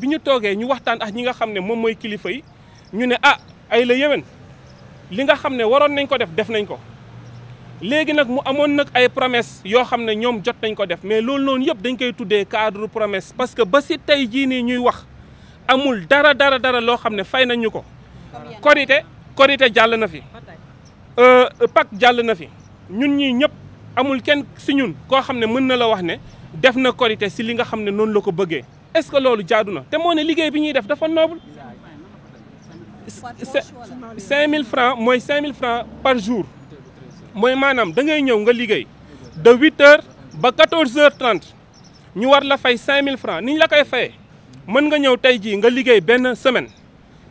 bi ñu toogee ñu waxtaan ak ñi nga xam ne moom mooy kilifa yi ñu ne ah ay la yéwén li nga xam ne waroon nañ ko def def nañ ko léegi nag mu amoon nag ay promesse yoo xam ne ñoom jot nañ ko def mais loolu noonu yëpp dañ koy tuddee cadre promesse parce que ba si tey jii nii ñuy wax amul dara dara dara loo xam ne fay nañ ko korite korite jàll na fi euh, pak jàll na fi ñun ñii ñëpp amul kenn si ñun koo xam ne mën na la wax ne def na korite si li nga xam ne noonu la ko bëggee est-ce que loolu jaadu na te moo ne liggéey bi ñuy def dafa noble cinq mille francs mooy cinq mille francs par jour mooy maanaam da ngay ñëw nga liggéey de huit heures ba quatorze heures trente ñu war la fay cinq mille francs ni la koy fayee mën nga ñëw tey jii nga liggéey benn semaine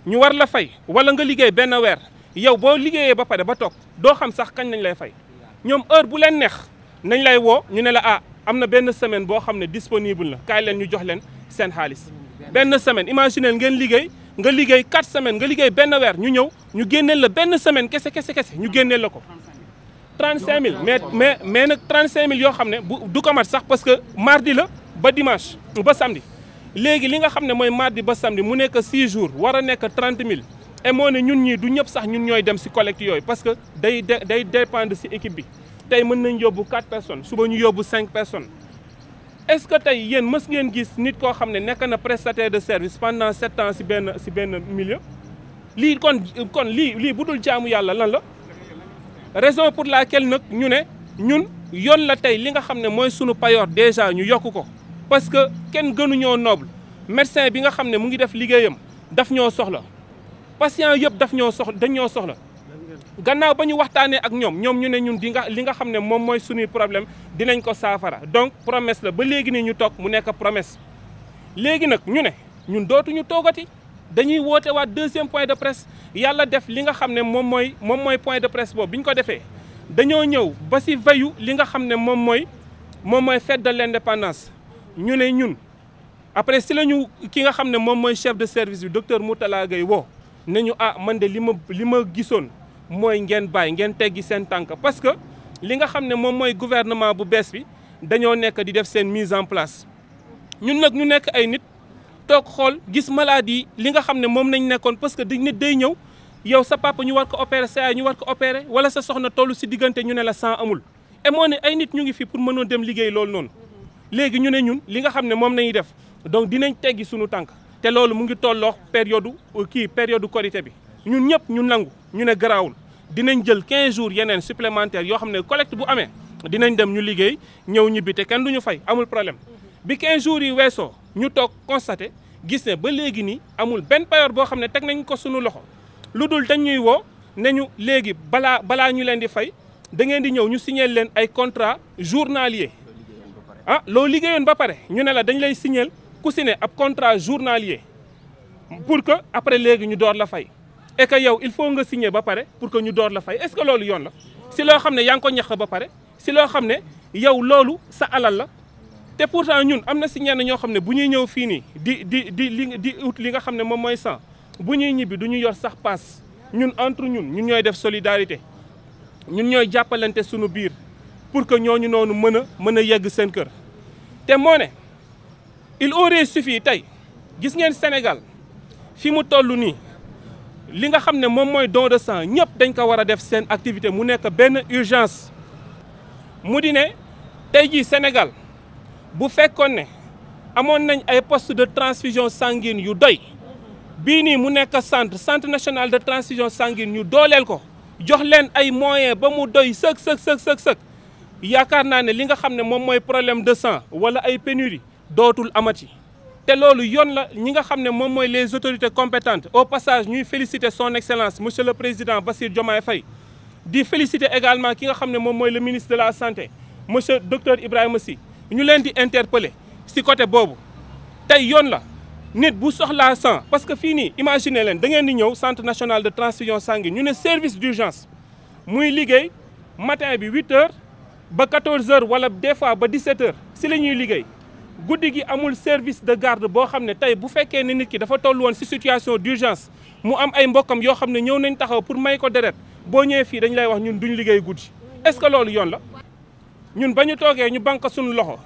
ñu war la fay wala nga liggéey benn weer yow boo liggéeyee ba pare ba toog doo xam sax kañ nañ lay fay ñoom heure bu leen neex nañ lay woo ñu ne la ah am na benn semaine boo xam ne disponible na kaay leen ñu jox leen seen xaalis benn semaine imaginez ngeen liggéey nga liggéey quatre semaine nga liggéey benn weer ñu ñëw ñu génneel la benn semaine kese kese kese ñu génneel la ko. 35000 mais mais mais nag 35000 yoo xam ne bu du ko mat sax parce que mardi la ba dimanche ba samedi. léegi li nga xam ne mooy mardi ba samedi mu nekk 6 jours war a nekk 30 000 et moo ñun ñii du ñëpp sax ñun ñooy dem si collecte yooyu parce que day day dépendre si équipe bi tey mën nañ yóbbu 4 personnes suba ñu yóbbu 5 personnes. est-ce que tey yéen mës ngeen gis nit koo xam ne nekk na prestater de service pendant 7 ans si benn si benn milieu lii kon kon lii lii bu dul jaamu yàlla lan la raison pour laquelle nag ñu ne ñun yoon la tey li nga xam ne mooy sunu payoor déjà ñu yokku ko. parce que kenn gënuñoo noble médecin bi nga xam ne mu ngi def liggéeyam daf ñoo soxla patient yëpp daf ñoo soxla dañ ñoo soxla gannaaw ba ñu waxtaanee ak ñoom ñoom ñu ne ñun di nga li nga xam ne moom mooy suñuy problème dinañ ko saafara donc promesse la ba léegi ni ñu toog mu nekk promesse léegi nag ñu ne ñun dootuñu toogati dañuy woote waat deuxième point de presse yàlla def li nga xam ne moom mooy moom mooy point de presse boobu bi ko defee dañoo ñëw ba si veyu li nga xam ne moom mooy moom mooy fête de l'indépendance ñu ne ñun après si la ñu ki nga xam ne moom mooy chef de service bi docteur Moutala Gueye woo ne ñu ah man de li ma li ma gisoon mooy ngeen bàyyi ngeen teggi seen tànk parce que li nga xam ne moom mooy gouvernement bu bees bi dañoo nekk di def seen mise en place ñun nag ñu nekk ay nit toog xool gis maladie li nga xam ne moom nañ nekkoon parce que di nit day ñëw yow sa papa ñu war ko opérer sa yaay ñu war ko opérer wala sa soxna tollu si diggante ñu ne la sang amul. et moo ay nit ñu ngi fi pour mënoon dem liggéey loolu noonu. léegi ñu ne ñun li nga xam ne moom nañuy def donc dinañ teggi suñu tànk te loolu mu ngi tolloo période kii période korité bi ñun ñëpp ñu nangu ñu ne garaawul dinañ jël 15 jours yeneen supplémentaires yoo xam ne collecte bu amee dinañ dem ñu liggéey ñëw ñibbite te du ñu fay amul problème bi 15 jours yi weesoo ñu toog constaté gis ne ba léegi nii amul benn période boo xam ne teg nañ ko sunu loxo lu dul dañ ñuy woo ne ñu léegi balaa balaa ñu leen di fay da ngeen di ñëw ñu signé leen ay contrat journalier ah loo liggéeyoon ba pare ñu ne la dañ lay signer ku si ne ab contrat journalier pour que après léegi ñu door la fay et que yow il faut nga signer ba pare pour que ñu door la fay est-ce que loolu yoon la si loo xam ne yaa ngi ko ñaq ba pare si loo xam ne yow loolu sa alal la te pourtant ñun am na si ñenn ñoo xam ne bu ñuy ñëw fii nii di di di li di ut li nga xam ne moom mooy sang bu ñuy ñibbi du ñu yor sax paas ñun entre ñun ñun ñooy def solidarité ñun ñooy jàppalante sunu biir pour que ñooñu noonu mën a mën a yegg seen kër te moone ne il aurait suffi tey gis ngeen Sénégal fi mu toll nii li nga xam ne moom mooy don de ñëpp dañ ko war a def seen activité mu nekk benn urgence mu di ne tey jii Sénégal bu fekkoon ne amoon nañ ay poste de transfusion sanguine yu doy bii nii mu nekk sant centre national de transfusion sanguine ñu dooleel ko jox leen ay moyen ba mu doy sëk sëk sëk sëk sëk yaakaar naa ne li nga xam ne moom mooy problème de sang wala ay pénurie dootul amati te loolu yoon la ñi nga xam ne moom mooy les autorités compétentes au passage ñuy félicité son excellence monsieur le président Bassirou Diomaye fay di félicité également ki nga xam ne moom mooy le ministre de la santé monsieur docteur Ibrahima si ñu leen di interpeller si côté boobu tey yoon la nit bu soxlaa sang parce que fii nii imagine leen da ngeen di ñëw centre national de transfusion sanguine ñu ne service d'urgence muy liggéey matin bi huit heures ba 14 heures wala des fois ba 17 si la ñuy liggéey guddi gi amul service de garde boo xam ne tey bu fekkee ne nit ki dafa toll woon si situation d'urgence mu am ay mbokkam yoo xam ne ñëw nañ taxaw pour may ko deret boo ñëwee fii dañu lay wax ñun duñu liggéey guddi est-ce que loolu yoon la ñun ba ñu toogee ñu banque suñu loxo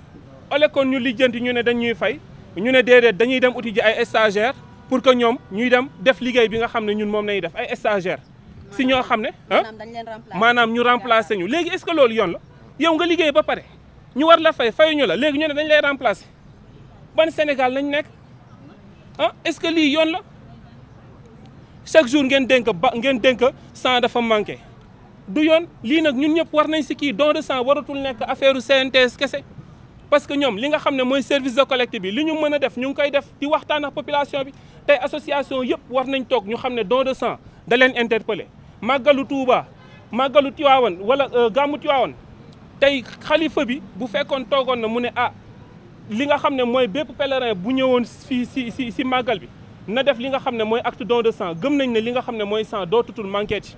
ole kon ñu lijjanti ñu ne dañuy fay ñu ne déedéet dañuy dem uti ji ay stagiaires pour que ñoom ñuy dem def liggéey bi nga xam ne ñun moom nañuy def ay stagiaires si ñoo xam ne ah maanaam ñu remplacer ñu léegi ce loolu yoon la yow nga liggéey ba pare ñu war la fay fayuñu la léegi ñu ne dañ lay remplacer ban Sénégal lañ nekk ah est-ce que lii yoon la chaque jour ngeen dénk ba ngeen dénk sang dafa manqué du yoon lii nag ñun ñëpp war nañ si kii don de sang waratul nekk affaire CNTS kese parce que ñoom li nga xam ne mooy service de collecte bi li ñu mën a def ñu ngi koy def di waxtaan ak bi tey association yëpp war nañ toog ñu xam ne don de sang da leen interpellé màggalu Touba màggalu Tiwaawan wala euh, gàmmu Tiwaawan tey xalifa bi bu fekkoon toogoon na mu ne ah li nga xam ne mooy bépp pèlerin bu ñëwoon fii si si si màggal bi na def li nga xam ne mooy acte don de sang gëm nañ ne li nga xam ne mooy san dootutul manqué ci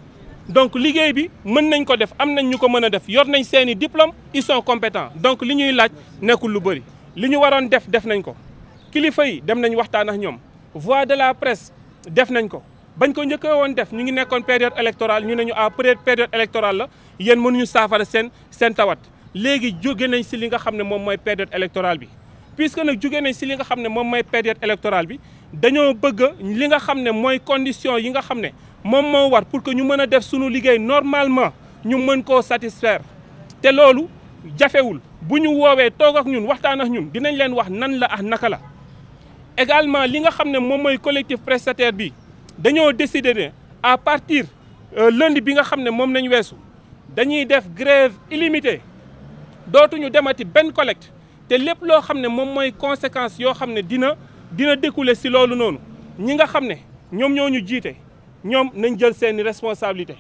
donc liggéey bi mën nañ ko def am nañ ñu ko mën a def yor nañ seeni diplôme ils sont compétents donc li ñuy laaj nekkul lu bëri li ñu waroon def def nañ ko kilifa yi dem nañ waxtaan ak ñoom voi de la presse def nañ ko bañ ko njëkkee woon def ñu ngi nekkoon période électorale ñu ne ñu à ah, période électorale la yéen mënuñu saafara seen seen tawat léegi jóge nañ si li nga xam ne moom mooy période électorale bi puisque nag jóge nañ si li nga xam ne moom mooy période électorale bi dañoo bëgg li nga xam ne mooy condition yi nga xam ne moom moo war pour que ñu mën a def suñu liggéey normalement ñu mën koo satisfaire te loolu jafewul bu ñu woowee toog ak ñun waxtaan ak ñun dinañ leen wax nan la ak naka la également li nga xam ne moom mooy collectif prestataire bi dañoo décider à partir euh, lundi bi nga xam ne moom nañ weesu dañuy def grève illimitée dootuñu demati benn collecte te lépp loo xam ne moom mooy conséquence yoo xam ne dina dina découler si loolu noonu ñi nga xam ne ñoom ñoo ñu jiite ñoom nañ jël seeni responsabilité